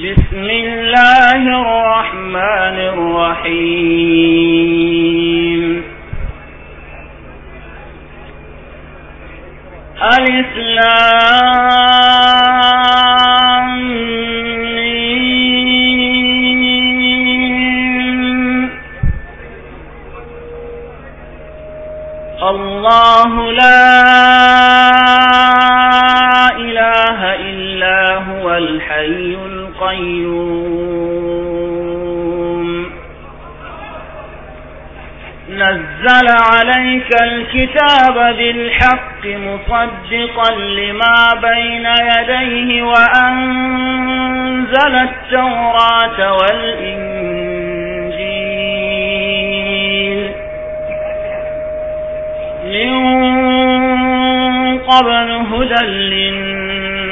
بسم الله الرحمن الرحيم الإسلام الله لا إله إلا هو الحي القيوم نزل عليك الكتاب بالحق مصدقا لما بين يديه وأنزل التوراة والإنجيل من قبل هدى للناس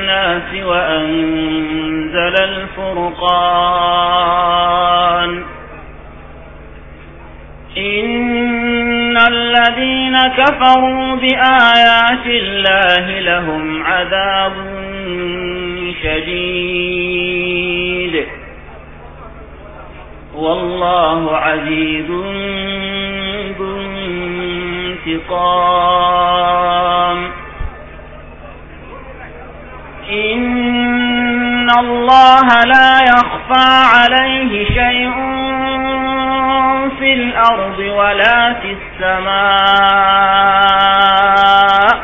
الناس وأنزل الفرقان إن الذين كفروا بآيات الله لهم عذاب شديد والله عزيز ذو انتقام إن الله لا يخفى عليه شيء في الأرض ولا في السماء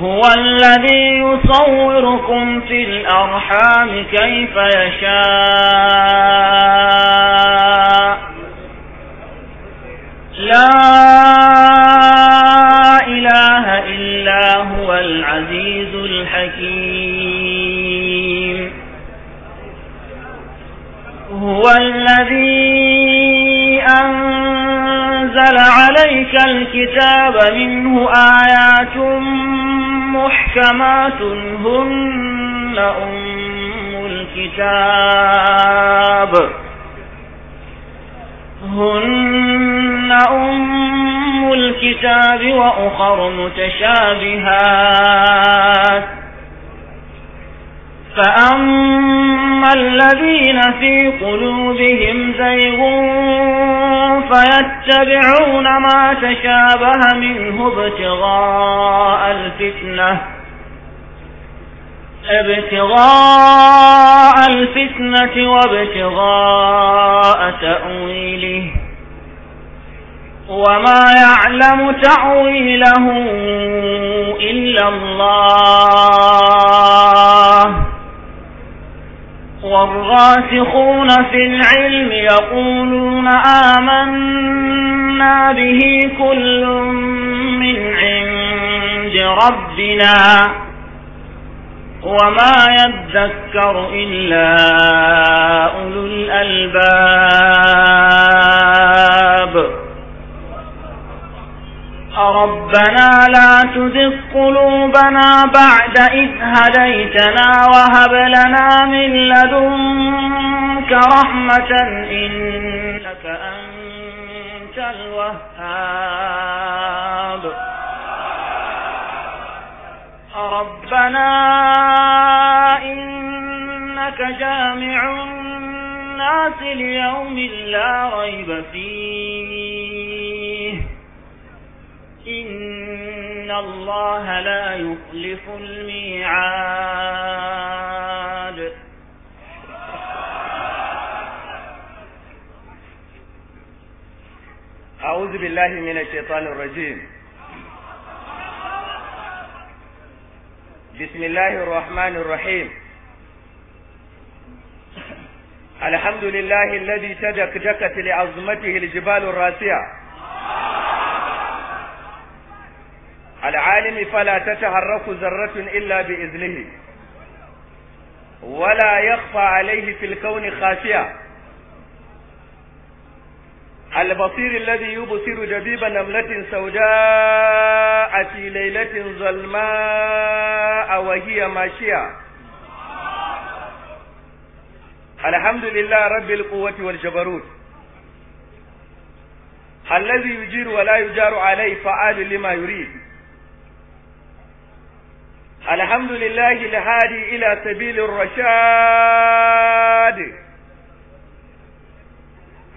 هو الذي يصوركم في الأرحام كيف يشاء لا إله وهو العزيز الحكيم هو الذي أنزل عليك الكتاب منه آيات محكمات هن أم الكتاب هن أم الكتاب وأخر متشابهات فأما الذين في قلوبهم زيغ فيتبعون ما تشابه منه ابتغاء الفتنة ابتغاء الفتنة وابتغاء تأويله وما يعلم تعويله إلا الله والراسخون في العلم يقولون آمنا به كل من عند ربنا وما يذكر إلا أولو الألباب ربنا لا تزغ قلوبنا بعد إذ هديتنا وهب لنا من لدنك رحمة إنك أنت الوهاب ربنا إنك جامع الناس ليوم لا ريب فيه إن الله لا يخلف الميعاد أعوذ بالله من الشيطان الرجيم بسم الله الرحمن الرحيم الحمد لله الذي تدكدكت لعظمته الجبال الراسعة العالم فلا تتحرك ذرة إلا بإذنه ولا يخفى عليه في الكون خاسئة البصير الذي يبصر جبيب نملة سوداء في ليلة ظلماء وهي ماشية الحمد لله رب القوة والجبروت الذي يجير ولا يجار عليه فعال لما يريد الحمد لله الهادي إلى سبيل الرشاد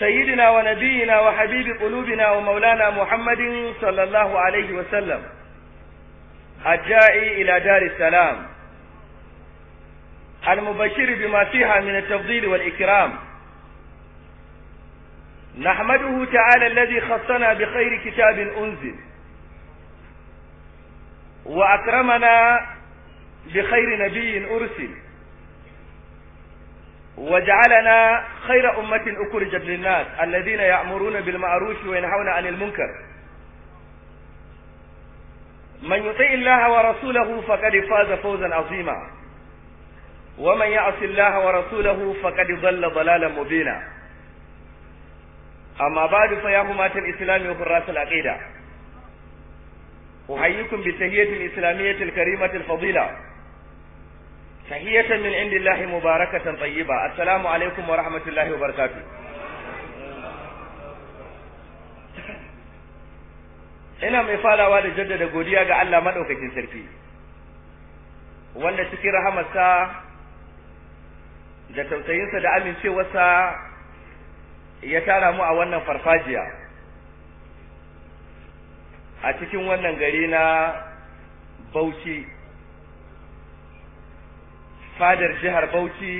سيدنا ونبينا وحبيب قلوبنا ومولانا محمد صلى الله عليه وسلم الجائي إلى دار السلام المبشر بما فيها من التفضيل والإكرام نحمده تعالى الذي خصنا بخير كتاب أنزل وأكرمنا بخير نبي أرسل وجعلنا خير أمة أخرجت للناس الذين يأمرون بالمعروف وينهون عن المنكر من يطيع الله ورسوله فقد فاز فوزا عظيما ومن يعص الله ورسوله فقد ضل ضلالا مبينا أما بعد فيا همات الإسلام وحراس العقيدة أحييكم بتهية الإسلامية الكريمة الفضيلة تحية min indillahi mubarakatan مباركة assalamu alaikum wa ورحمة الله وبركاته ina mai falawa da jaddada godiya ga Allah madaukakin sarki wanda cikin rahamarsa da tausayinsa da amincewarsa ya tara mu a wannan farfajiya a cikin wannan gari na Bauchi fadar jihar Bauchi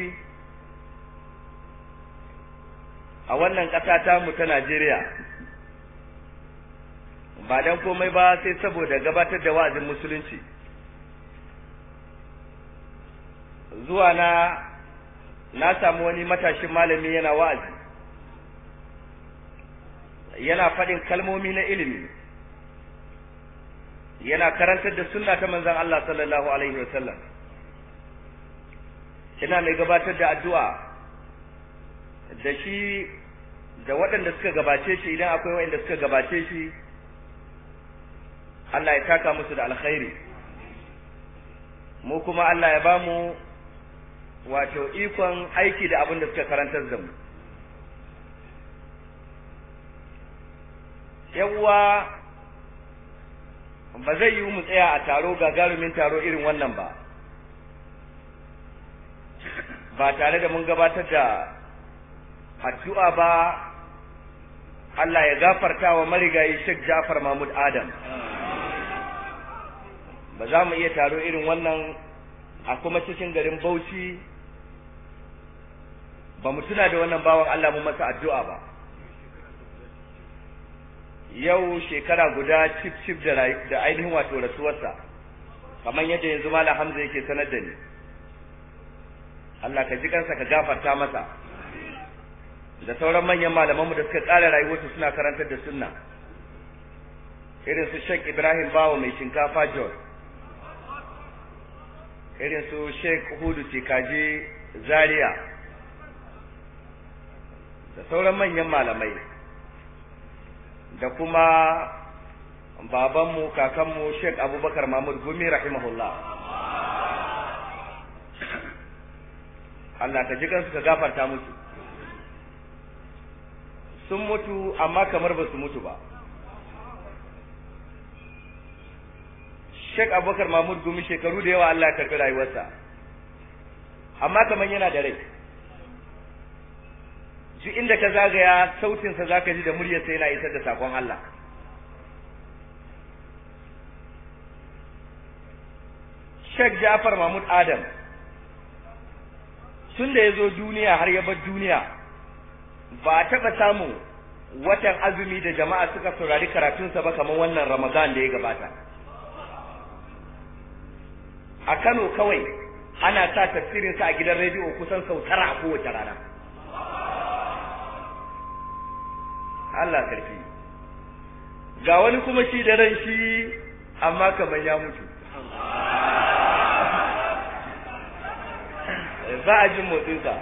a wannan ƙasa mu ta Najeriya ba dan komai ba sai saboda gabatar da wa'azin musulunci zuwa na na samu wani matashin malami yana wa'azi yana faɗin kalmomi na ilimi yana karantar da sunna ta manzon Allah sallallahu alaihi wasallam Kina mai gabatar da addu'a da shi da waɗanda suka gabace shi idan akwai waɗanda suka gabace shi Allah ya taka musu da alkhairi mu kuma Allah ya ba mu wato ikon aiki da abin da suka karantar da mu yawwa ba zai yi mu tsaya a taro gagarumin taro irin wannan ba ba tare da mun gabatar da addu'a ba Allah ya gafarta wa marigayi Sheikh Ja'far Mahmud Adam ba za mu iya taro irin wannan a kuma cikin garin Bauchi ba mu tuna da wannan bawan Allah mu masa addu'a ba yau shekara guda cif cif da ainihin wato rasuwarsa kamar yadda yanzu Malam Hamza yake sanar da ni Allah ka ji kansa ka gafarta masa da sauran manyan mu da suka ƙara rayuwarsu suna karantar da sunna irin su Sheikh Ibrahim Bawo mai shinkafa Jos irin su Sheikh Hudu Tikaji Zaria da sauran manyan malamai da kuma babanmu kakanmu Sheikh Abubakar Mahmud Gumi rahimahullah Allah ka ji kansu ka gafarta musu sun mutu amma kamar ba su mutu ba Sheikh Abubakar Mahmud Gumi shekaru da yawa Allah ya karɓi rayuwarsa amma kamar yana da rai ji inda ka zagaya sautinsa za ka ji da muryarsa yana isar da sakon Allah Sheikh Ja'far Mahmud Adam tun da ya zo duniya har ya bar duniya ba a taɓa samun watan azumi da jama'a suka saurari karatunsa ba kamar wannan ramadan da ya gabata a kano kawai ana sa tafsirinsa a gidan rediyo kusan sau tara a kowace rana Allah sarki ga wani kuma shi da ran shi amma kamar ya mutu ba a jin motsinsa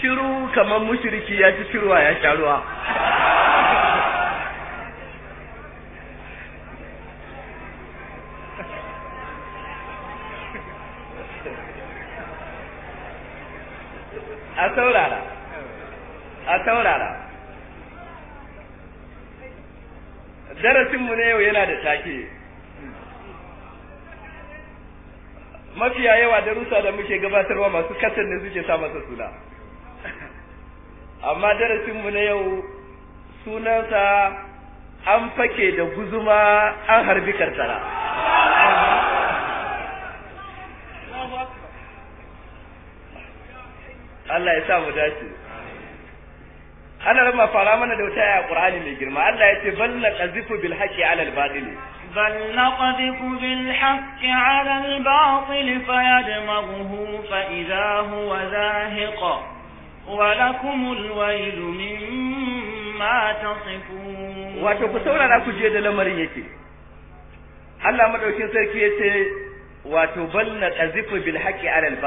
shiru kamar mushriki ya ci shiruwa ya sha ruwa a saurara a saurara darasinmu na yau yana da take mafiya yawa darussa da muke gabatarwa masu kasar ne suke sa masa suna amma darasinmu na yau sunansa an fake da guzuma an harbi karsara. Allah ya sa mu dace ana rama fara mana da wata a Qur'ani mai girma Allah ya ce balla qazifu bil haqqi ala al batil بل نقذف بالحق على الباطل فيدمغه فإذا هو ذاهق ولكم الويل مما تصفون وتكسونا لكم جيد لمرين يكي Allah madaukin sarki ya ce wato bal na qazifu bil haqqi ala al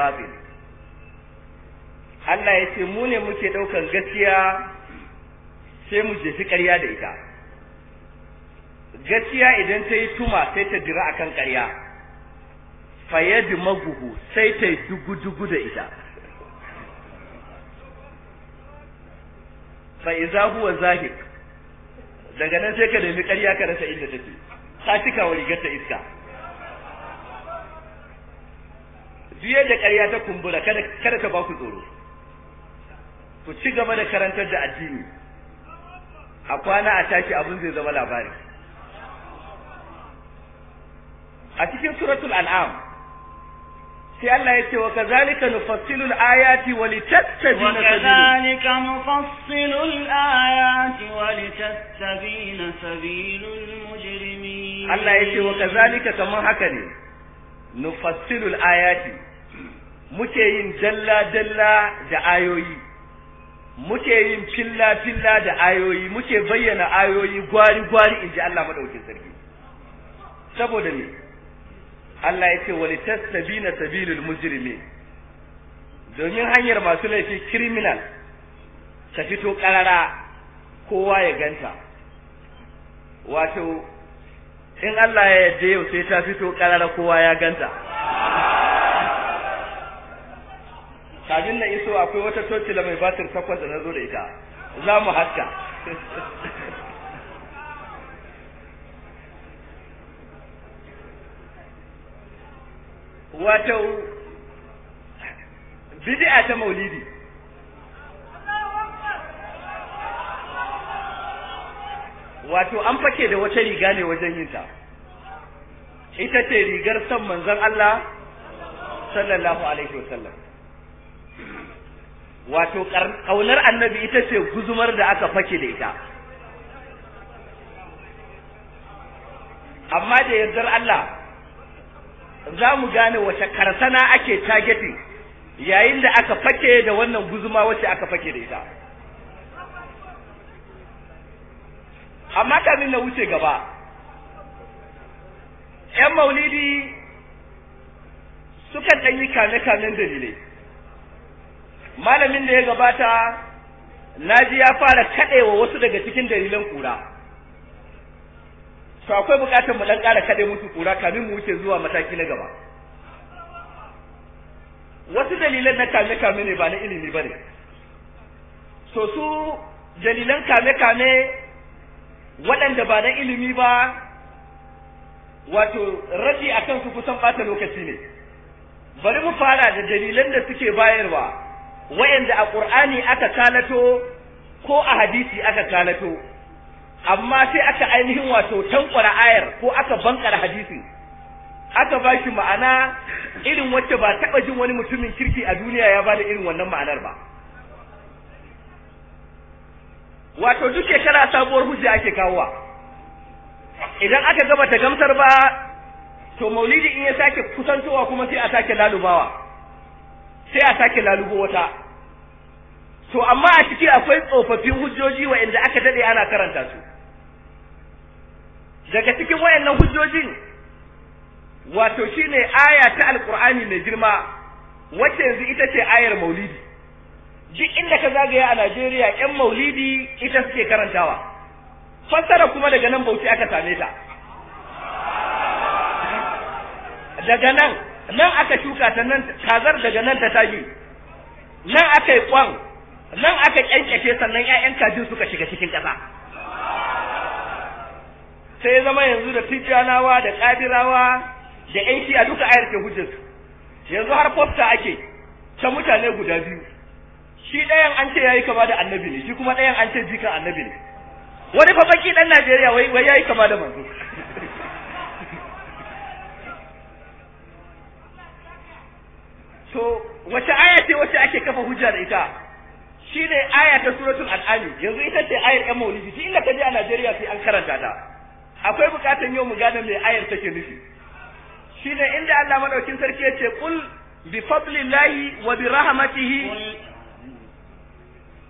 Allah ya ce mu ne muke daukan gaskiya sai mu jefi ƙarya da ita gaciya idan ta yi tuma sai ta jira kan ƙarya fayyadi maguhu sai ta yi dugu-dugu da ita za huwa zahir daga nan sai ka nemi ƙarya ka rasa inda take ta ci kawo rigar ta iska duk da ƙarya ta kumbura kada ka ba ku tsoro ku ci gaba da karantar da addini a kwana a tashi abin zai zama labari a cikin suratul al'am sai Allah ya ce wa kazalika nufassilul ayati wa litattabina sabila wa kazalika nufassilul ayati wa litattabina sabilul mujrimin Allah ya ce wa kazalika kamar haka ne nufassilul ayati muke yin dalla dalla da ayoyi muke yin filla filla da ayoyi muke bayyana ayoyi gwari gwari inji Allah madaukin sarki saboda ne Allah ya ce wali bina sabilul mujrimi domin hanyar masu laifi criminal ta fito karara kowa ya ganta wato in Allah ya yarda yau sai ta fito karara kowa ya ganta kafin na iso akwai wata tocila mai batir takwas da na zo da ita za mu haska wato bid'a ta maulidi wato an fake da wata riga ne wajen yin ta ita ce rigar san manzon Allah sallallahu alaihi wasallam wato kaunar annabi ita ce guzumar da aka fake da ita amma da yardar Allah za mu gane wace karsana ake targeting yayin da aka fake da wannan guzuma wace aka fake da ita amma kamin na wuce gaba ‘yan maulidi sukan ɗanyi kame-kamen dalilai malamin da ya gabata na ji ya fara kaɗewa wasu daga cikin dalilan kura to akwai bukatar mu dan kara kade musu kura kamin mu wuce zuwa mataki na gaba wasu dalilan na kame kame ne ba na ilimi ba ne so su dalilan kame kame waɗanda ba na ilimi ba wato rashi a kansu kusan bata lokaci ne bari mu fara da dalilan da suke bayarwa wayanda a ƙur'ani aka kalato ko a hadisi aka kalato amma sai aka ainihin wato tankwara ayar ko aka bankara hadisin aka ba shi ma'ana irin wacce ba taɓa jin wani mutumin kirki a duniya ya ba da irin wannan ma'anar ba wato duk shekara sabuwar hujja ake kawowa idan aka gaba ta gamsar ba to maulidi in ya sake kusantowa kuma sai a sake lalubawa sai a sake lalubo wata to amma a ciki akwai tsofaffin hujjoji wa inda aka daɗe ana karanta su daga cikin wayannan hujjojin wato shine aya ta alqur'ani mai girma wacce yanzu ita ce ayar maulidi duk inda ka zagaya a Najeriya ƴan maulidi ita suke karantawa fassara kuma daga nan bauchi aka same ta daga nan nan aka shuka ta nan kazar daga nan ta tashi nan aka yi kwan nan aka kyankyashe sannan ƴaƴan kajin suka shiga cikin ƙasa sai zama yanzu da tijjanawa da kadirawa da yanki a duka ayar ke hujjar yanzu har fosta ake ta mutane guda biyu shi ɗayan an ce yayi kama da annabi ne shi kuma ɗayan an ce jikan annabi ne wani fa baki dan Najeriya wai wai yayi kama da manzo so wace aya ce wace ake kafa hujja da ita shine aya ta suratul al'ani yanzu ita ce ayar yan maulidi shi inda je a Najeriya sai an karanta ta akwai bukatan yau mu gane mai ayar take nufi shi ne inda Allah madaukin sarki ya ce kul bi fadlillahi wa bi rahmatihi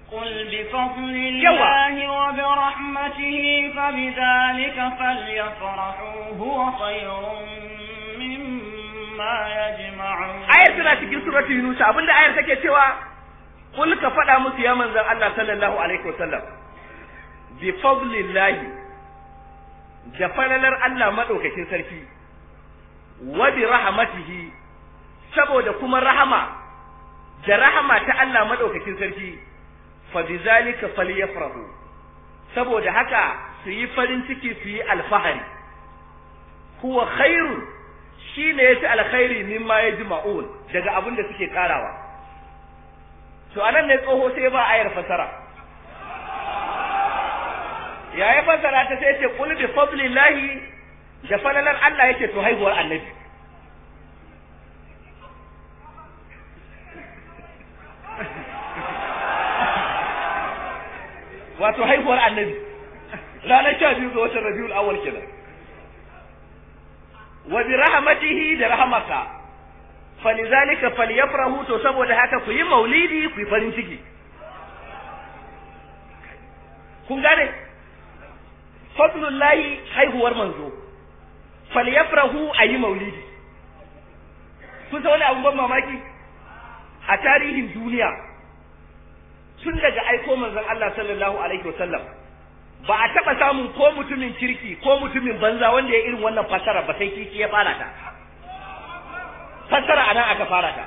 قل بفضل الله وبرحمته فبذلك فليفرحوا هو خير مما يجمعون آية سنة cikin surati Yunus abinda ayar take cewa kul ka faɗa musu ya manzon Allah sallallahu alaihi wa sallam bi fadlillahi da falalar Allah maɗaukakin sarki wa bi rahmatihi saboda kuma rahama da rahama ta Allah maɗaukakin sarki fa bi zalika falyafrahu saboda haka su yi farin ciki su yi alfahari huwa khairu shine yace alkhairi mimma yajma'un daga abin da suke karawa to anan ne tsoho sai ba ayar fasara ya yi fassara ta sai ce kul bi fadlillahi da falalar Allah yake to haihuwar annabi wato haihuwar annabi ranar sha biyu ga watan rabiul awwal kenan wa bi rahmatihi da rahmaka falizalika falyafrahu to saboda haka ku yi maulidi ku yi farin ciki kun gane fadlullahi haihuwar manzo falyafrahu ayi maulidi kun san wani abun ban mamaki a tarihin duniya tun daga aiko manzon Allah sallallahu alaihi wasallam ba a taɓa samun ko mutumin kirki ko mutumin banza wanda ya irin wannan fasara ba sai kirki ya fara ta fasara ana aka fara ta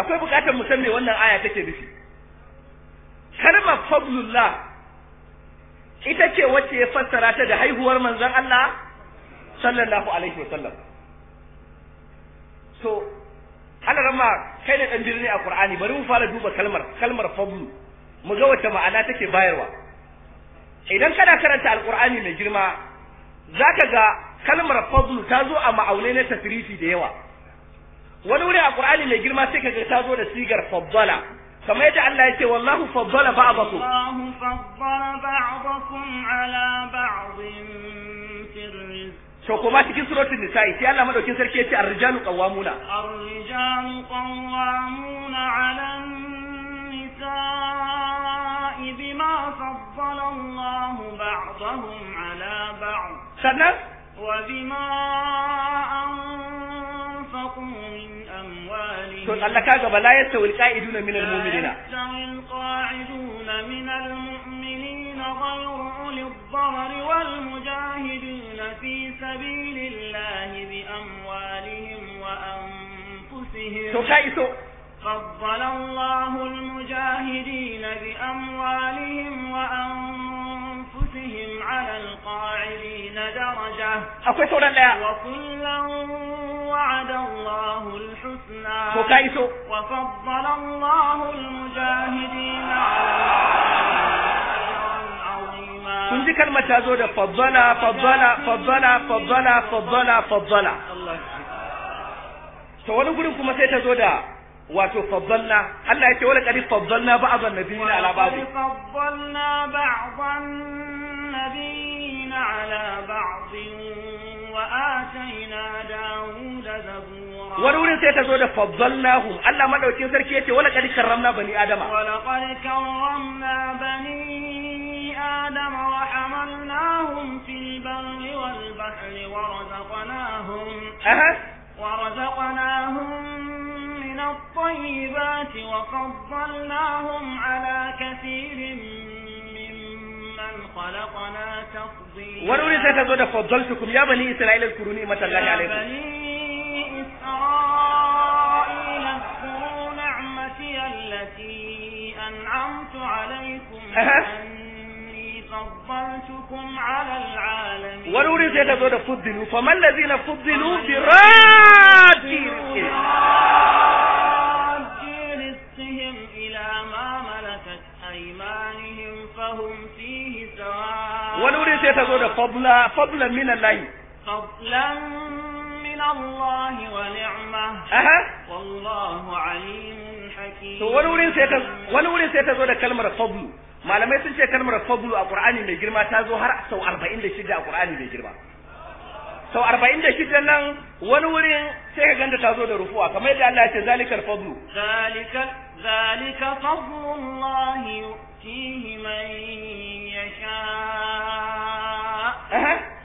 akwai bukatar mu san me wannan aya take nufi kalmar fadlullah ita ce wacce ya fassara ta da haihuwar manzon Allah sallallahu alaihi wasallam so Allah rama kai ne dan birni a Qur'ani bari mu fara duba kalmar kalmar fadlu mu ga wata ma'ana take bayarwa idan kana karanta alqur'ani mai girma zaka ga kalmar fadlu ta zo a ma'aunai na tasrifi da yawa wani wuri a Qur'ani mai girma sai kaga ta zo da sigar faddala كما يجعل الله يتي والله فضل بعضكم الله فضل بعضكم على بعض في الرزق to kuma cikin suratul nisa'i sai Allah madaukin sarki yace ar-rijalu qawwamuna ar-rijalu qawwamuna 'alan nisa'i bima faddala Allahu ba'dahum 'ala ba'd sannan wa bima min to tsallaka gaba la yastawil qa'iduna min almu'minina qa'iduna min almu'minina ghayru fi sabilillahi bi wa to ka iso فضل الله المجاهدين بأموالهم وأنفسهم akwai على القاعدين درجة ka سورة لا kun ji kalmar ta zo da faddala faddala faddala faddala faddala to wani gurin kuma sai ta zo da wato faddalna Allah ya wala kadi faddalna ba'dhan nabiyina ala ba'd faddalna ba'dhan مبين على بعض وآتينا داود زبورا ورور سيتزود فضلناهم ألا ما دوتين سركيتي ولقد كرمنا بني آدم ولقد كرمنا بني آدم وحملناهم في البر والبحر ورزقناهم أه. ورزقناهم من الطيبات وفضلناهم على كثير من وخلقنا تفضيلا وروني سيتا فضلتكم يا بني إسرائيل اذكروا الله عليكم يا بني إسرائيل اذكروا نعمتي التي أنعمت عليكم أني فضلتكم على العالمين وروني سيتا فضلوا فما الذين فضلوا براد رزقهم إلى ما ملكت أيمانهم فهم فيه سواء ولولي سيتزود فضلا فضلا من الله فضلا من الله ونعمة أها والله عليم malamai sun ce kalmar fadlu a qur'ani mai girma ta zo har sau arba'in da shida a qur'ani mai girma sau arba'in da shida nan wani wurin sai ka ganta ta zo da rufuwa kamar yadda Allah ya ce zalikal fadlu zalika zalika fadlullahi yu'tihi man yasha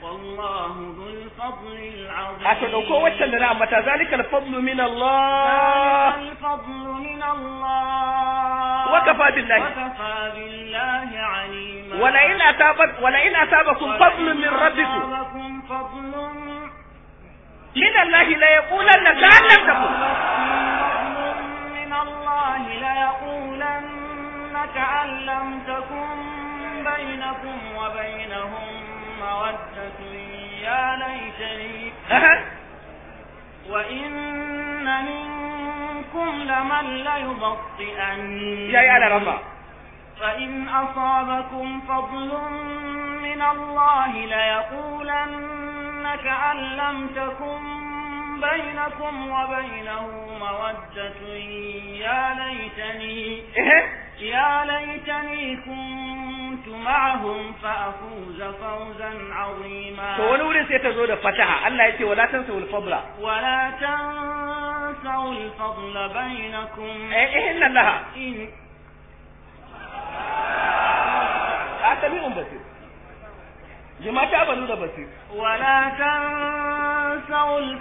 wallahu dhul fadlil azim a to dauko waccan da na ambata zalikal fadlu min Allah zalikal fadlu min Allah wa kafa billahi wa kafa billahi alim ولئن أتابت ولئن أتابكم فضل من ربكم من الله ليقولن كأن لم تكن من الله ليقولن كأن لم تكن بينكم وبينهم مودة يا ليتني وإن منكم لمن ليبطئن يا يا رفا فإن أصابكم فضل من الله ليقولن كأن لم تكن بينكم وبينه مودة يا ليتني إيه؟ يا ليتني كنت معهم فأفوز فوزا عظيما فولو سيتزود فتحة الله يتي ولا تنسوا الفضل ولا تنسوا الفضل بينكم إيه, إيه، إن الله a sami'un basir lima ta banu da basir wala tansaw al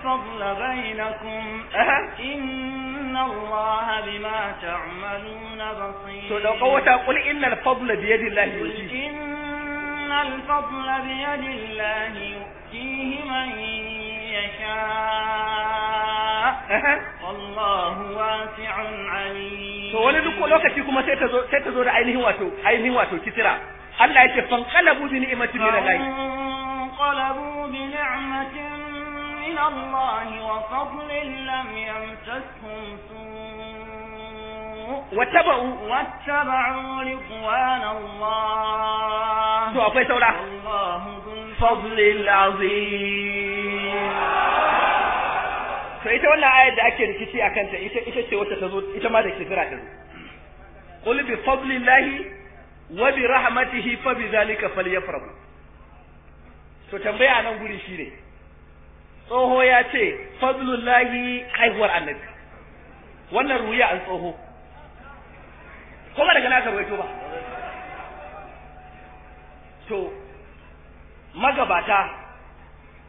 to dauka wata qul innal fadla bi yadillahi yuti innal fadla bi yadillahi wallahu wasi'un alim to wani duk lokaci kuma sai ta zo sai ta zo da ainihin wato ainihin wato kisira Allah yake fan qalabu bi ni'mati min Allah qalabu bi ni'matin min Allah wa fadlin lam yamsashum su wattaba'u wattaba'u riqwan Allah to akwai saura Allahu fadlil to ita wannan ayar da ake rikici a ta ita ita ce wacce ta zo ita ma da kifira ta zo qul bi fadlillahi wa bi rahmatihi fa bi zalika falyafrahu to tambaya nan guri shine tsoho ya ce fadlullahi haihuwar annabi wannan ruya an tsoho ko daga naka ruwaito ba to magabata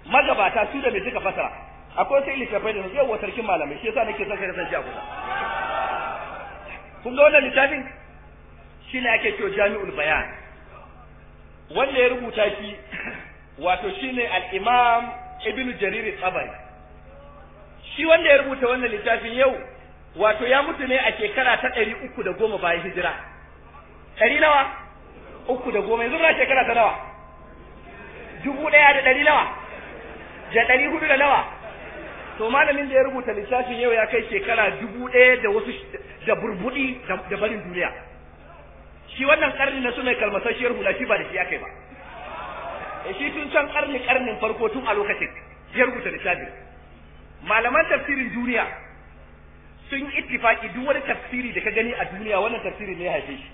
magabata su da me suka fasara akwai sai littafai da su yau sarkin malamai shi yasa nake son ka kasance a kusa kun ga wannan littafin shi ne ake cewa jami'ul bayan wanda ya rubuta shi wato shi ne al'imam ibn jarir tsabari shi wanda ya rubuta wannan littafin yau wato ya mutu ne a shekara ta ɗari uku da goma bayan hijira ɗari nawa uku da goma yanzu na shekara ta nawa dubu ɗaya da ɗari nawa da ɗari hudu da nawa to malamin da ya rubuta lissafin yau ya kai shekara dubu ɗaya da wasu da burbuɗi da barin duniya shi wannan karni na sunan mai hula shi ba da shi ya kai ba e, shi tun can karni karnin farko tun a lokacin ya rubuta lissafin. malaman tafsirin duniya sun ittifaki duk wani tafsiri da ka gani a duniya wannan tafsirin ne ya haife shi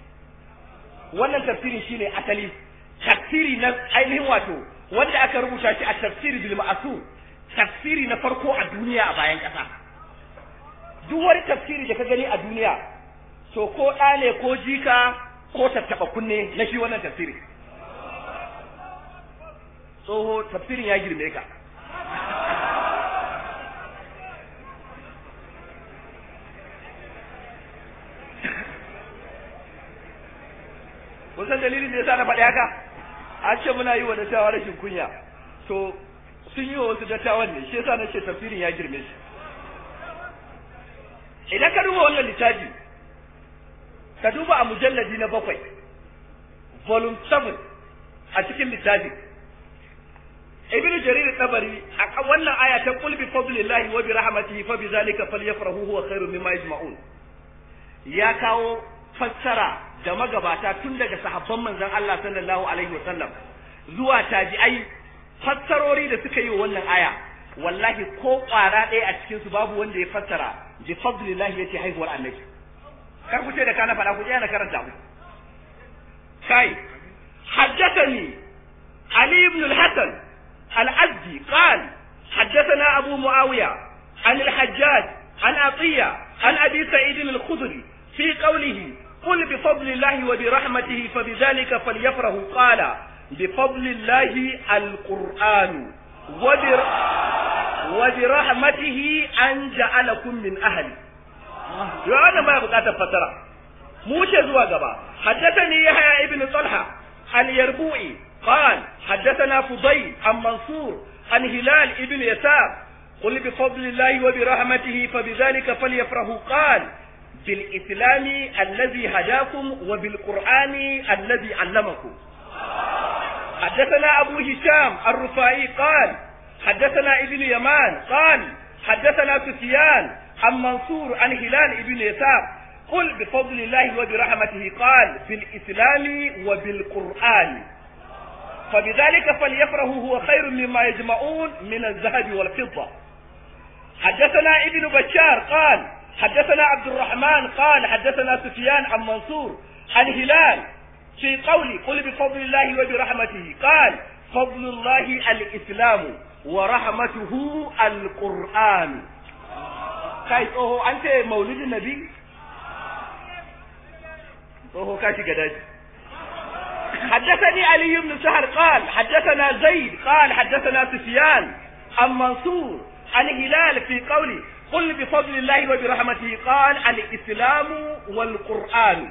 wannan tafsirin shine asali tafsiri na ainihin wato wanda aka rubuta shi a tafsiri bil ma'asu tafsiri na farko a duniya a bayan ƙasa duk wani tafsiri da ka gani a duniya to ko ɗa ne ko jika ko tattaɓa kunne na shi wannan tafsiri tsoho tafsirin ya girme ka kun san dalilin da ya sa na faɗi haka an ce muna yi wa da rashin kunya so sun yi wa wasu dattawan ne shi yasa na ce tafsirin ya girme shi idan ka duba wannan littafi ka duba a mujalladi na bakwai volume 7 a cikin littafin ibn jarir tabari a wannan aya ta qul bi fadlillahi wa bi rahmatihi fa bi zalika falyafrahu huwa khairun mimma yajma'un ya kawo fassara da magabata tun daga sahabban manzon Allah sallallahu alaihi wa sallam zuwa tabi'ai fassarori da suka yi wa wannan aya wallahi ko ƙwara ɗaya a cikin su babu wanda ya fassara bi fadlillahi yace haihuwar annabi kar ku ce da kana faɗa ku je na karanta ku kai haddathani ali ibn al-hasan al-azdi qala حدثنا أبو معاوية عن الحجاج عن عطية عن أبي سعيد الخدري في قوله قل بفضل الله وبرحمته فبذلك فليفرحوا قال بفضل الله القرآن وبر... وبرحمته أن جعلكم من أهل يوانا ما يبقى فترة موش زوا قبا حدثني يحيى ابن طلحة اليربوئي قال حدثنا فضيل عن منصور عن هلال ابن يسار قل بفضل الله وبرحمته فبذلك فليفرحوا قال بالإسلام الذي هداكم وبالقرآن الذي علمكم حدثنا أبو هشام الرفاعي قال حدثنا ابن يمان قال حدثنا سفيان عن منصور عن هلال ابن يسار قل بفضل الله وبرحمته قال بالإسلام وبالقرآن فبذلك فليفرحوا هو خير مما يجمعون من الذهب والفضة حدثنا ابن بشار قال حدثنا عبد الرحمن قال حدثنا سفيان عن منصور عن هلال في قولي قل بفضل الله وبرحمته قال فضل الله الإسلام ورحمته القرآن كاي اوه انت مولود النبي اوه كاشي جداد حدثني علي بن سهر قال حدثنا زيد قال حدثنا سفيان عن منصور عن هلال في قولي قل بفضل الله وبرحمته قال الإسلام والقرآن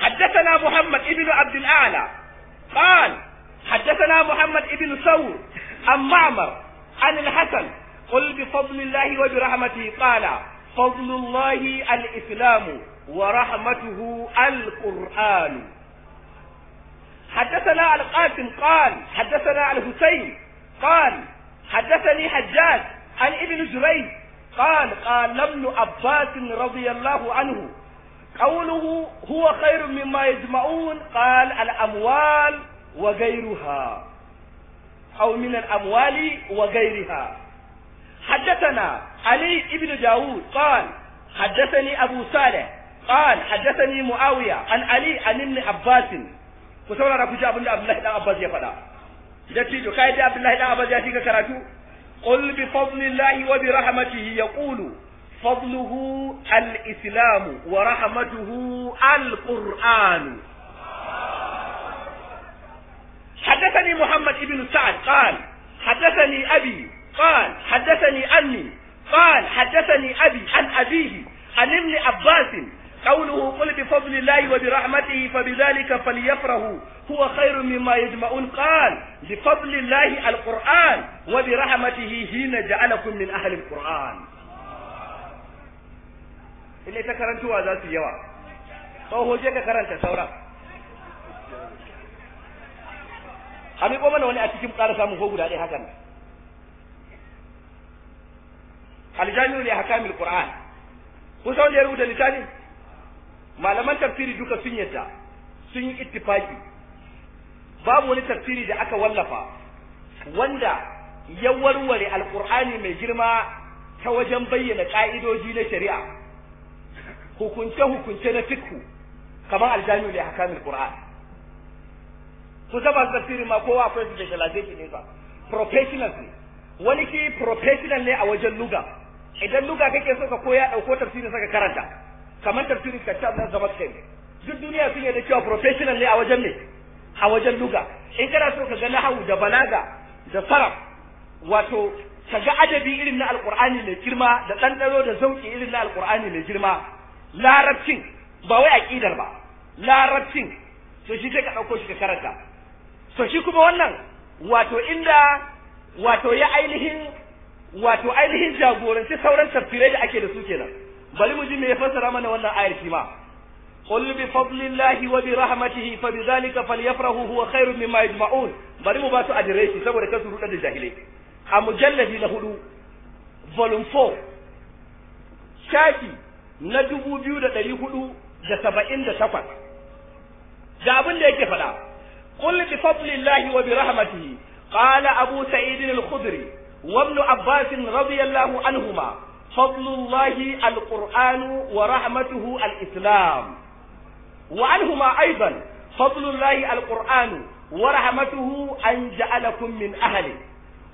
حدثنا محمد ابن عبد الأعلى قال حدثنا محمد ابن ثور عن معمر عن الحسن قل بفضل الله وبرحمته قال فضل الله الإسلام ورحمته القرآن حدثنا القاسم قال حدثنا الحسين قال حدثني حجاج عن ابن جريج قال قال ابن عباس رضي الله عنه قوله هو خير مما يجمعون قال الأموال وغيرها أو من الأموال وغيرها حدثنا علي بن داود قال حدثني أبو صالح قال حدثني معاوية عن علي عن ابن عباس كسورة ركوجة ابن عبد الله بن عباس يفدا جتي كايد عبد الله بن عباس يأتيك كراتو قل بفضل الله وبرحمته يقول فضله الإسلام ورحمته القرآن حدثني محمد بن سعد قال حدثني أبي قال حدثني أمي قال حدثني أبي عن أبيه عن ابن عباس قوله قل بفضل الله وبرحمته فبذلك فليفرحوا هو خير مما يجمعون قال بفضل الله القرآن وبرحمته حين جعلكم من أهل القرآن ina ita karantuwa za su yawa ba je ka karanta sauran a ko mana wani a cikin ƙara samun ko guda ɗaya hakan aljami'u ne hakamil qur'an kun san wanda ya rubuta litani malaman tafsiri duka sun yadda sun yi ittifaki babu wani tafsiri da aka wallafa wanda ya warware alqur'ani mai girma ta wajen bayyana ka'idoji na shari'a hukunce hukunce na fikhu kamar aljami li hakamin qur'an su da ba tafsirin ma kowa akwai specialization ne ba professional ne wani ki professional ne a wajen luga idan luga kake so ka koya dauko tafsirin saka karanta kamar tafsirin nan zama kai duk duniya sun da cewa professional ne a wajen ne a wajen luga in kana so ka ga nahawu da balaga da sarf wato ka ga adabi irin na alqur'ani mai girma da ɗanɗano da zauki irin na alqur'ani mai girma larabcin ba wai aqidar ba larabcin to shi sai ka dauko shi ka karanta to shi kuma wannan wato inda wato ya ainihin wato ainihin jagoranci sauran tafsirai da ake da su kenan bari mu ji me ya fassara mana wannan ayar shi ma قل بفضل الله وبرحمته فبذلك فليفرحوا هو خير مما يجمعون bari mu ba su adireshi saboda kasu rudar da jahilai a mujalladi na hudu volume 4 shafi na dubu biyu da ɗari hudu da saba'in da takwas ga abin da yake faɗa qul bi fadlillahi wa bi rahmatihi qala abu sa'id al-khudri wa ibn abbas radiyallahu anhuma fadlullahi al-qur'an wa rahmatuhu al-islam wa anhuma aidan fadlullahi al-qur'an wa rahmatuhu an ja'alakum min ahli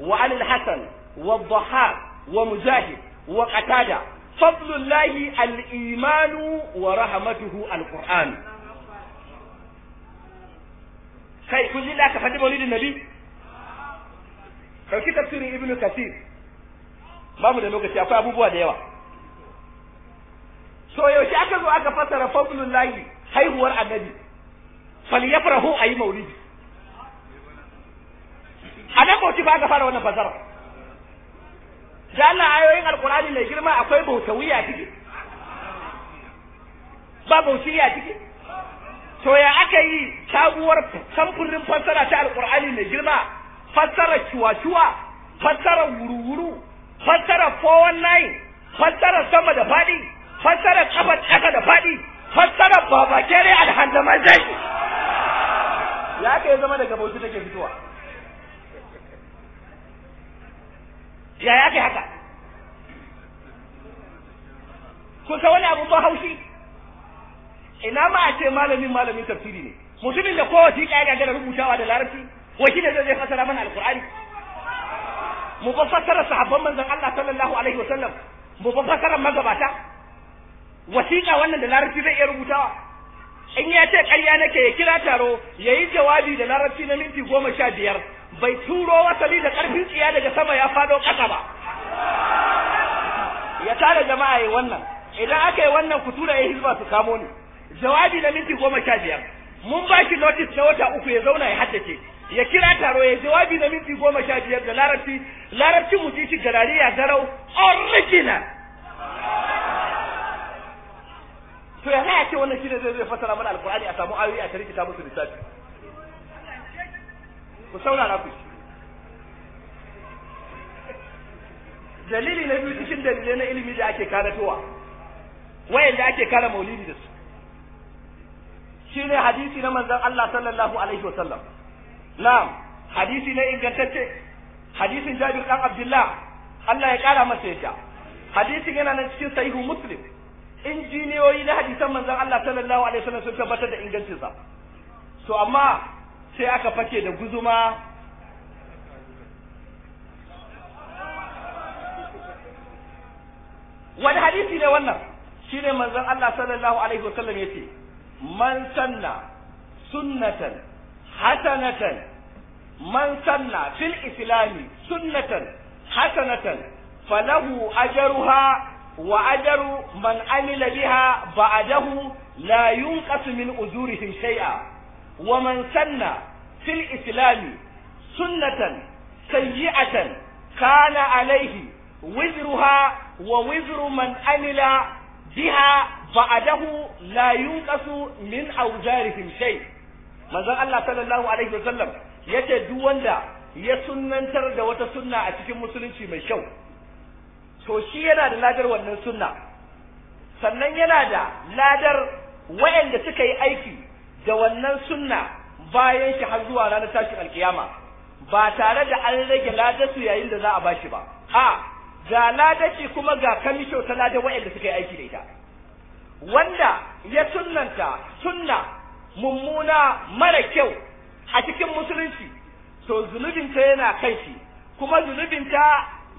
wa an al-hasan wa al wa mujahid wa qatada fadlullahi al-imanu wa rahmatuhu al-qur'an kai tafsirin ibnu kasir lokaci akwai abubuwa da yawa so yaushe aka zo aka fasara fadlullahi haihuwar annabi falyafrahu ayi maulidi a nan bauchi ba fara wannan fasara shi Allah ayoyin alkurani mai girma akwai bautawiya ciki ba bautawiya ciki to ya aka yi sabuwar samfurin fassara ta alkurani mai girma fassara ciwa-ciwa fassara wuru-wuru fassara 419 fassara sama da faɗi fassara kafa ƙasa da faɗi fassara babakere alhandamazai ya aka yi zama daga bautu take fitowa yaya aka haka kun san wani abu ko haushi ina ma a ce malamin malamin tafsiri ne mutumin da kowace ya gagara rubutawa da larabci waki ne zai fasara mana alkur'ani mu ba fasara sahabban manzon Allah sallallahu alaihi wa sallam mu ba fasara magabata wasiƙa wannan da larabci zai iya rubutawa in ya ce ƙarya nake ya kira taro ya yi jawabi da larabci na minti goma sha biyar bai turo wasali da karfin tsiya daga sama ya fado ƙasa ba ya tara jama'a yi wannan idan aka yi wannan ku tura ya hizba su kamo ni jawabi na minti goma sha biyar mun ba shi notice na wata uku ya zauna ya haddace ya kira taro ya jawabi na minti goma sha biyar da larabci larabci mu ji shi garariya garau original to ya ce wannan shi ne zai zai fasara mana alkur'ani a samu ayoyi a tarihi ta musu lissafi ku saurara ku dalili na biyu cikin dalilai na ilimi da ake karatowa wayan da ake kara maulidi da su shine hadisi na manzon Allah sallallahu alaihi wa Sallam na'am hadisi na ingantacce hadisin Jabir dan Abdullah Allah ya kara masa yadda hadisin yana nan cikin sahihu Muslim injiniyoyi na hadisan manzon Allah sallallahu alaihi sallam sun tabbatar da ingancinsa to amma sai aka fake da guzuma wani hadisi ne wannan shi ne manzon Allah sallallahu alaihi wasallam ya ce man sanna sunnatan hasanatan man sanna fil islami sunnatan hasanatan falahu ajruha wa ajru man amila biha ba'dahu la yunqasu min ujurihim shay'a wa man sanna fil islami sunnatan sayyi'atan kana alaihi wizruha wa wizru man amila biha ba'dahu la yunqasu min awjarihim shay manzon Allah sallallahu alaihi wasallam yace duk wanda ya sunantar da wata sunna a cikin musulunci mai kyau to shi yana da ladar wannan sunna sannan yana da ladar waɗanda suka yi aiki da wannan sunna bayan shi har zuwa ranar tashin alkiyama ba tare da an rage ladarsu yayin da za a bashi ba a ga ladaci kuma ga kamisho ta ladar waɗanda suka yi aiki da ita wanda ya tunanta sunna mummuna mara kyau a cikin musulunci to zunubinta yana kai shi kuma zunubinta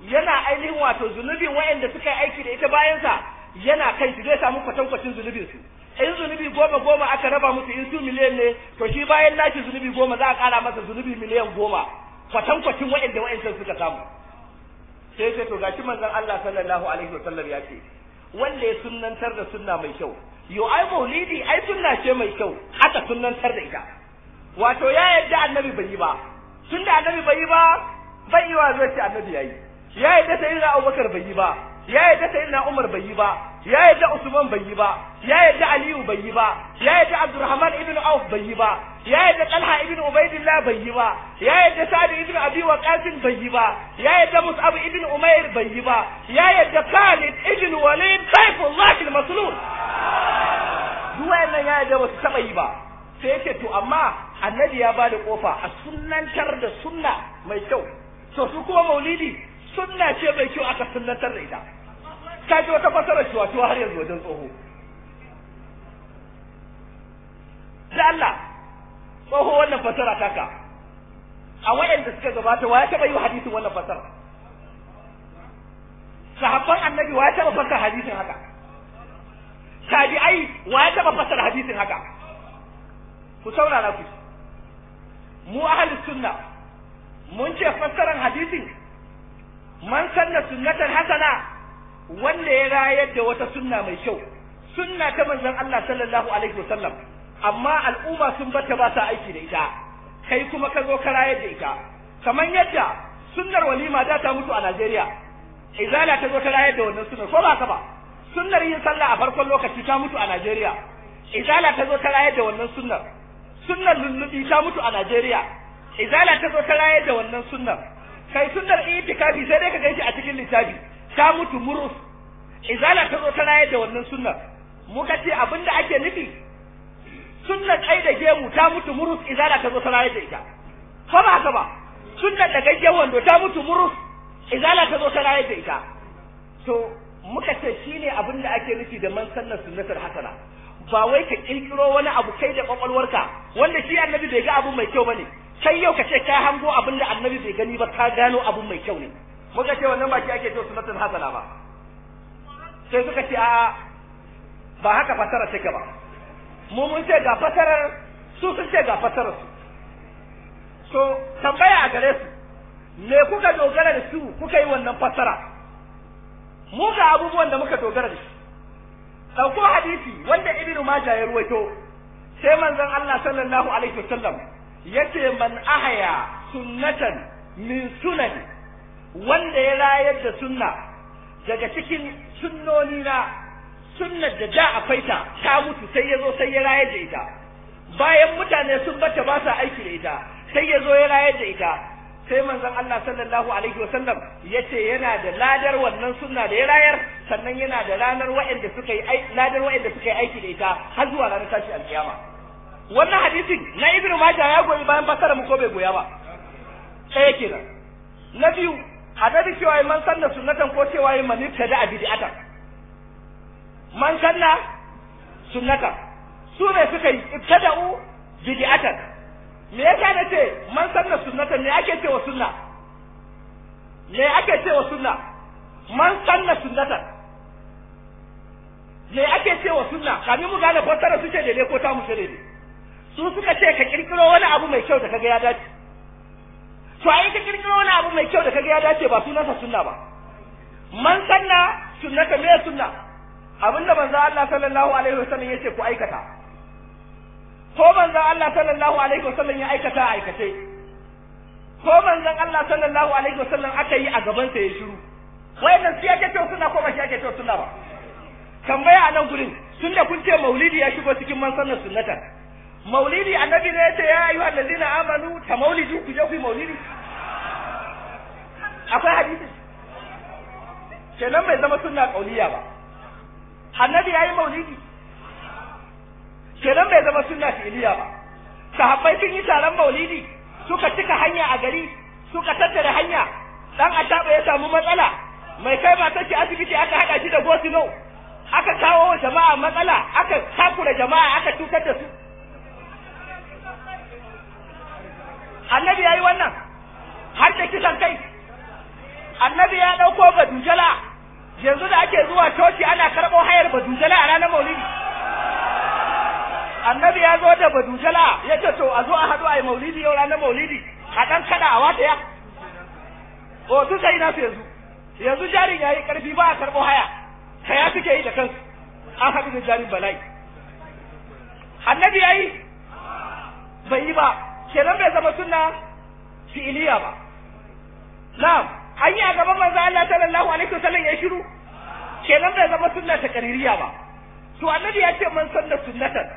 yana ainihin wato zunubin waɗanda suka yi aiki da ita bayansa yana kai shi zai samu kwatankwacin zunubinsu in zunubi goma goma aka raba musu in su miliyan ne to shi bayan nashi zunubi goma za a kara masa zunubi miliyan goma kwatan kwatin waɗanda waɗancan suka samu sai sai to gashi manzon Allah sallallahu alaihi wasallam ya ce wanda ya sunnantar da sunna mai kyau yo ai maulidi ai sunna ce mai kyau aka sunnantar da ita wato ya yadda annabi bai yi ba tunda annabi bai yi ba bai yi wa zai ce annabi yayi ya yadda sai Abubakar bai yi ba ya yadda sayyidina Umar bai yi ba ya yadda Usman bai yi ba ya yadda Aliyu bai yi ba ya yadda Abdurrahman ibn Auf bai yi ba ya yadda Talha ibn Ubaidillah bai yi ba ya yadda Sa'd ibn Abi Waqqas bai yi ba ya yadda Mus'ab ibn Umair bai yi ba ya yadda Khalid ibn Walid Saifullah al-Maslul duk wayannan ya yadda basu taba yi ba sai yace to amma annabi ya bada kofa a sunnantar da sunna mai kyau to su kuma maulidi sunna ce mai kyau aka sunnatar da ita ta ji wata fasara cewa cewa har yanzu wajen tsoho da Allah tsoho wannan fasara taka a wayanda suka gabata wa ya taba yi hadisin wannan fasara sahabban annabi wa ya taba fasar hadisin haka ai wa ya taba fasar hadisin haka ku saurara ku mu ahlus sunna mun ce fasaran hadisin man sanna sunnatan hasana wanda ya rayar da wata sunna mai kyau sunna ta manzon Allah sallallahu alaihi wasallam amma al'umma sun bata ba sa aiki da ita kai kuma ka zo ka rayar da ita kamar yadda sunnar walima da ta mutu a Najeriya izala ta zo ta rayar da wannan sunnar ko ba ka ba sunnar yin sallah a farkon lokaci ta mutu a Najeriya izala ta zo ta rayar da wannan sunnar sunnar lullubi ta mutu a Najeriya izala ta zo ta rayar da wannan sunnar kai sunnar itikafi sai dai ka ganshi a cikin littafi ta mutu murus izala ta zo ta rayar da wannan sunnar muka ce abinda ake nufi sunnar kai da gemu ta mutu murus izala ta zo ta rayar da ita ko ba haka ba sunnar da gaggen wando ta mutu murus izala ta zo ta rayar da ita to muka ce shine abinda ake nufi da man sannar sunnatar hasana ba wai ka kirkiro wani abu kai da kwakwalwarka wanda shi annabi bai ga abu mai kyau bane Sai yau ka ce ka hango abin da annabi bai gani ba ka gano abin mai kyau ne muka ce wannan baki ake cewa sunnatul hasana ba sai suka ce a ba haka fasara take ba mu mun ce ga fasarar su sun ce ga fasarar su so tambaya a gare su me kuka dogara da su kuka yi wannan fasara mu ga abubuwan da muka dogara da su ɗauko hadisi wanda ibnu majah ya ruwaito sai manzon Allah sallallahu alaihi wasallam yace man ahaya sunnatan min sunan wanda ya rayar da sunna daga cikin sunnoni na sunnar da da akwai ta ta mutu sai ya zo sai ya rayar da ita bayan mutane sun bata ba sa aiki da ita sai ya zo ya rayar da ita sai manzon Allah sallallahu alaihi wasallam yace yana da ladar wannan sunna da ya rayar sannan yana da ranar wa'anda suka yi ladar wa'anda suka yi aiki da ita har zuwa ranar tashi alkiyama wannan hadisin na ibnu majah ya goyi bayan bakara mu ko bai goya ba sai yake na biyu hadari cewa man sanna sunnatan ko cewa man da abid'ata man sanna sunnata su ne suka yi ibtada'u bid'atan me yasa na ce man sanna sunnatan me ake cewa sunna me ake cewa sunna man sanna sunnata me ake cewa sunna kamin mu gane fassara su ce daidai ko ta mu ce daidai su suka ce ka kirkiro wani abu mai kyau da kaga ya dace to ai ka kirkiro wani abu mai kyau da kaga ya dace ba sunansa sunna ba man sanna ka me sunna da manzo Allah sallallahu alaihi wasallam yace ku aikata ko manzo Allah sallallahu alaihi wasallam ya aikata aikace ko manzo Allah sallallahu alaihi wasallam aka yi a gaban sa ya shiru wayannan su yake cewa sunna ko ba shi yake cewa sunna ba tambaya a nan gurin tunda kun ce maulidi ya shigo cikin man sanna sunnatan maulidi annabi ne ya ce ya ayyuhal na amanu ta maulidi ku je ku maulidi akwai hadisi kenan bai zama sunna kauliya ba annabi yayi maulidi kenan bai zama sunna fi'liya ba sahabbai sun yi taron maulidi suka cika hanya a gari suka tattara hanya dan ataba ya samu matsala mai kai matar shi asibiti aka hada shi da gosino aka kawo jama'a matsala aka takura jama'a aka cutar da su annabi ya yi wannan har da kisan kai annabi ya ɗauko badujala yanzu da ake zuwa coci ana karɓo hayar badujala a ranar maulidi annabi ya zo da badujala ya ce to a zo a haɗu a yi maulidi yau ranar maulidi a ɗan kaɗa a wata ya o su sai na su yanzu yanzu jarin ya yi ƙarfi ba a karɓo haya ya suke yi da kansu an haɗu da jarin bala'i annabi ya yi bai yi ba kenan bai zama sunna fi'iliya ba na'am a gaban manzo Allah sallallahu alaihi wasallam ya shiru kenan bai zama sunna ta kaririya ba to annabi ya ce man sanna sunnatan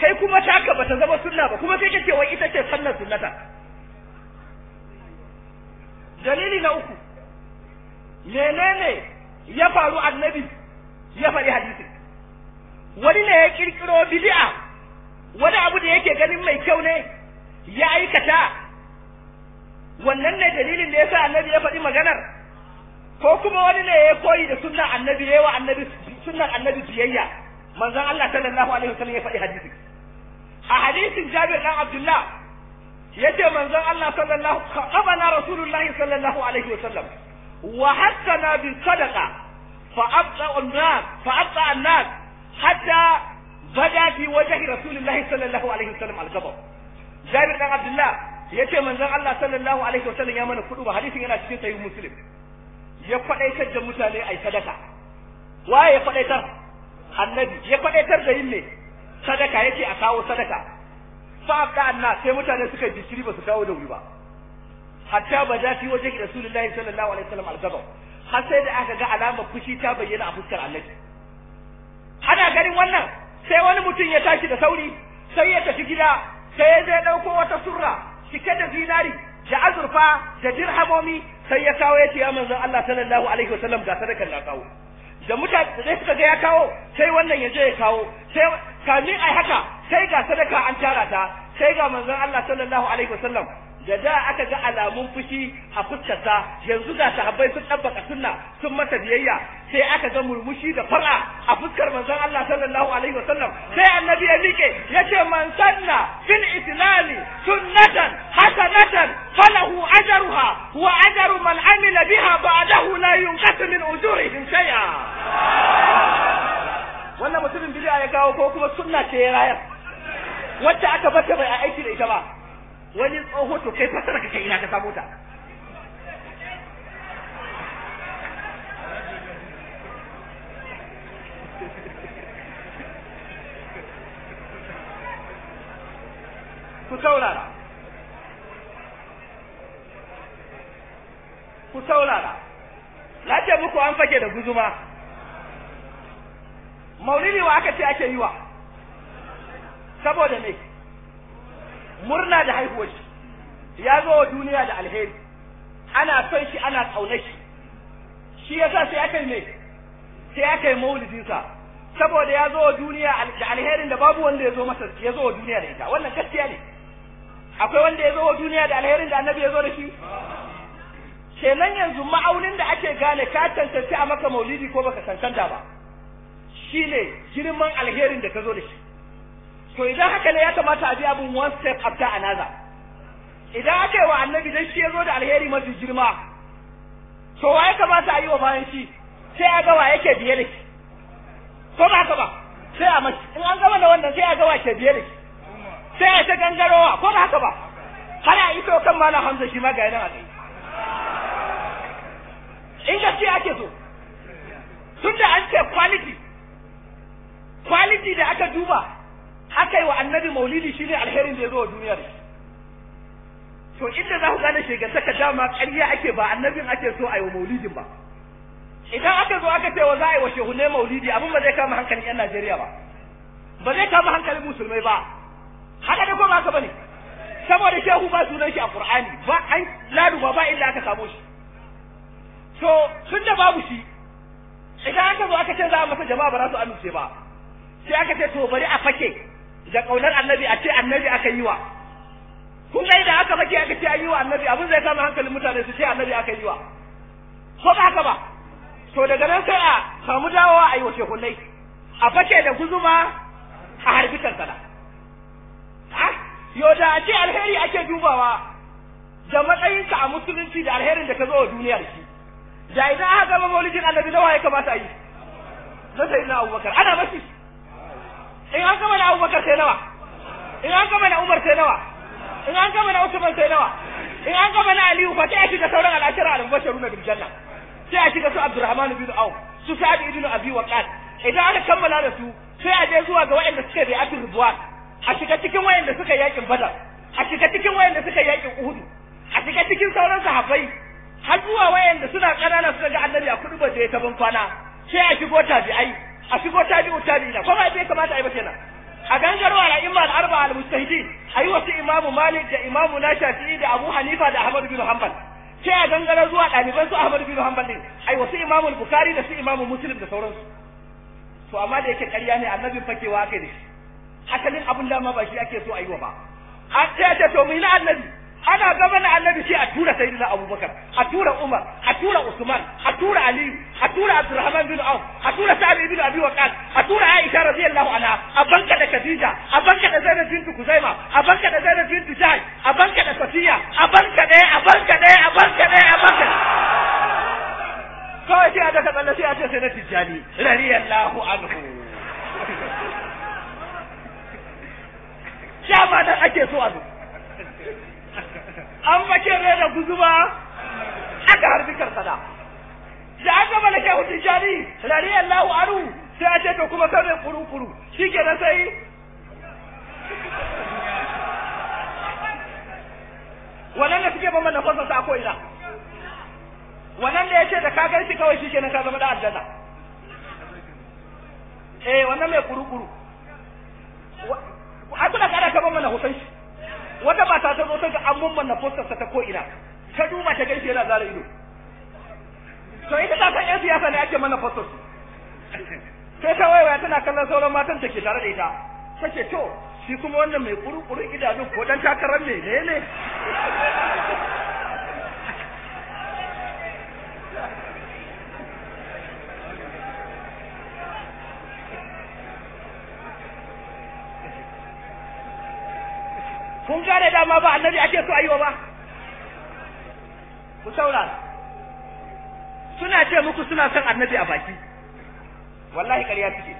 sai kuma ta ka bata zama sunna ba kuma sai kace wai ita ce sanna sunnata dalili na uku menene ya faru annabi ya faɗi hadisi wani ne ya kirkiro bid'a wani abu da yake ganin mai kyau ne ya aikata wannan ne dalilin da ya sa annabi ya faɗi maganar ko kuma wani ne ya koyi da sunnan annabi ya wa annabi sunnan annabi biyayya manzon Allah sallallahu alaihi wasallam ya faɗi hadisi a hadisin Jabir dan Abdullah yace manzon Allah sallallahu qabala rasulullahi sallallahu alaihi wasallam wa hasana bi sadaqa fa abqa an-nas fa abqa an-nas hatta bada fi wajhi rasulillahi sallallahu alaihi wasallam al-ghadab Jabir dan Abdullah yace manzon Allah sallallahu alaihi wasallam ya mana kudu ba hadisin yana cikin sahih Muslim ya kwadaitar da mutane ai sadaka waye ya kwadaitar annabi ya kwadaitar da yin ne sadaka yace a kawo sadaka fa abda anna sai mutane suka jishiri ba su kawo da wuri ba hatta ba za su yi wajen rasulullahi sallallahu alaihi wasallam sallam gabab har sai da aka ga alamar fushi ta bayyana a fuskar annabi ana ganin wannan sai wani mutum ya tashi da sauri sai ya tafi gida sai ya ɗauko wata surra cike da zinari da azurfa da dirhamomi sai ya kawo ya ce ya manzon Allah sallallahu alaihi wasallam ga sadakar na kawo da mutane da suka ga ya kawo sai wannan ya je ya kawo sai kamin ai haka sai ga sadaka an tara ta sai ga manzon Allah sallallahu alaihi wasallam da da aka ga alamun fushi a fuskarsa yanzu ga sahabbai sun dabbaka sunna sun mata biyayya sai aka ga murmushi da fara a fuskar manzon Allah sallallahu alaihi wa sallam sai annabi ya mike yace man sanna fil islami sunnatan hasanatan falahu ajruha wa ajru man amila biha ba'dahu la yunqasu min ujurihim shay'a wannan mutumin bid'a ya kawo ko kuma sunna ce ya rayar wacce aka bata bai aiki da ita ba wani tsoho to kai fasara ka kai ina ka samu ta ku saurara ku saurara na ce muku an fage da guzuma maulidi wa aka ce ake yi wa saboda me murna da haihuwar shi ya zo wa duniya da alheri ana son shi ana ƙaunar shi shi sa sai aka yi me sai aka yi maulidinsa saboda ya zo wa duniya da alherin da babu wanda ya zo masa ya zo wa duniya da ita wannan gaskiya ne akwai wanda ya zo wa duniya da alherin da annabi ya zo da shi kenan yanzu ma'aunin da ake gane ka tantance a maka maulidi ko baka tantanta ba shine girman alherin da ka zo da shi to idan haka ne ya kamata a bi abin one step after another idan aka yi wa annabi dan shi ya zo da alheri mafi girma to wa ya kamata a yi wa bayan shi sai a gawa yake biye da shi ko ba ka ba sai a mashi in an gama da wannan sai a gawa ke biye da shi sai ta gangarowa ko ba haka ba a iso kan mana hamza shi ma ga yana a in gaskiya ake so tun da an ce quality quality da aka duba aka yi wa annabi maulidi shine alherin da ya zo wa duniya da to inda za ku gane shegantaka dama ƙarya ake ba annabin ake so a yi wa maulidin ba idan aka zo aka ce wa za a yi wa ne maulidi abin ba zai kama hankalin 'yan Najeriya ba ba zai kama hankalin musulmai ba haka ne ko ba haka bane saboda shehu ba sunan shi a qur'ani ba an ladu ba ba illa aka samu shi to tun da babu shi idan aka zo aka ce za a masa jama'a ba za su amince ba sai aka ce to bari a fake da kaunar annabi a ce annabi aka yi wa kun ga idan aka fake aka ce an yi wa annabi abin zai kama hankalin mutane su ce annabi aka yi wa ko ba haka ba to daga nan sai a samu dawowa a yi wa a fake da guzuma a harbi kankana yo da a ce alheri ake dubawa da matsayinka a musulunci da alherin da ka zo wa duniyar shi da idan aka gama maulidin annabi nawa ya kamata a yi na sai na abubakar ana mashi in an gama na abubakar sai nawa in an gama na umar sai nawa in an gama na usman sai nawa in an gama na aliyu fa sai a shiga sauran al'ashirar al'ubashar runa bin janna sai a shiga su abdurrahman bin awu su sa'ad ibn abi waqas idan aka kammala da su sai a je zuwa ga waɗanda suke da abin ridwan a shiga cikin wayanda suka yakin badar a shiga cikin wayanda suka yakin uhudu a shiga cikin sauran sahabbai har zuwa wayanda suna kanana suka ga annabi a kudu bai ta ban kwana sai a shigo tabi'ai a shigo tabi'u tabi'ina kuma bai kamata ai ba kenan a gangarwa wa imma al arba al mustahidi ayi wasu imamu malik da imamu na shafi'i da abu hanifa da ahmad bin hanbal sai a gangara zuwa ɗaliban su ahmad bin hanbal din ai wasu imamu al bukhari da su imamu muslim da sauransu to amma da yake ƙarya ne annabi fakewa kai da shi asalin abin dama ba shi ake so a yi wa ba an ce ce to mu na annabi ana gaba na annabi shi a tura sayyidina abubakar a tura umar a tura usman a tura aliyu a tura abdurrahman bin auf a tura sa'ad bin abi waqas a tura aisha radiyallahu anha a banka da khadija a banka da zainab bint kuzaima a banka da zainab bint jahsh a banka da safiya a banka da a banka da a banka da a banka kawai sai a daga tsalle sai a ce sai na tijjani radiyallahu anhu dama nan ake so a zo an mace rai da guzuma aka harbi karsada da ke hutun shehu rari radiyallahu anhu sai a ce to kuma sai kuru kuru shi ke da sai wannan da suke ban na fasa sa ko ina wannan da yace da kagar shi kawai shi ke na ka zama da aljanna eh wannan mai kuru kuru ai kuna kada ka ban mana hoton shi wata ba ta zo ta ga an mummanna poster ta ko ina ta duba ta gaishe yana zara ido to ita ta san yan siyasa ne ake mana poster sai ta waya tana kallon sauran matan ta ke tare da ita take to shi kuma wannan mai kurukuru idanun ko dan takarar ne. gane dama ba annabi ake so ayiwa ba ku saura suna ce muku suna son annabi a baki wallahi ƙarya suke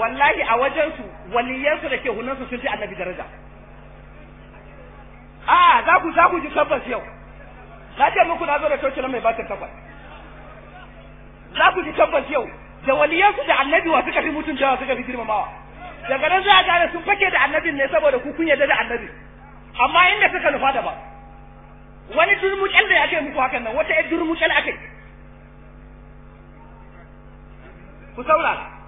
wallahi a wajensu waliyansu da ke hunansu sun fi annabi daraja a za ku za ku ji tabbas yau na ce muku na zo da coci mai bakin tabbas za ku ji tabbas yau da waliyansu da annabi wa suka fi mutuntawa suka fi girmamawa daga nan za a gane sun fake da annabin ne saboda ku kun yarda da annabi amma inda suka nufa da ba wani durmuƙel da ake muku hakan nan wata ƴar durmuƙel ake ku saurara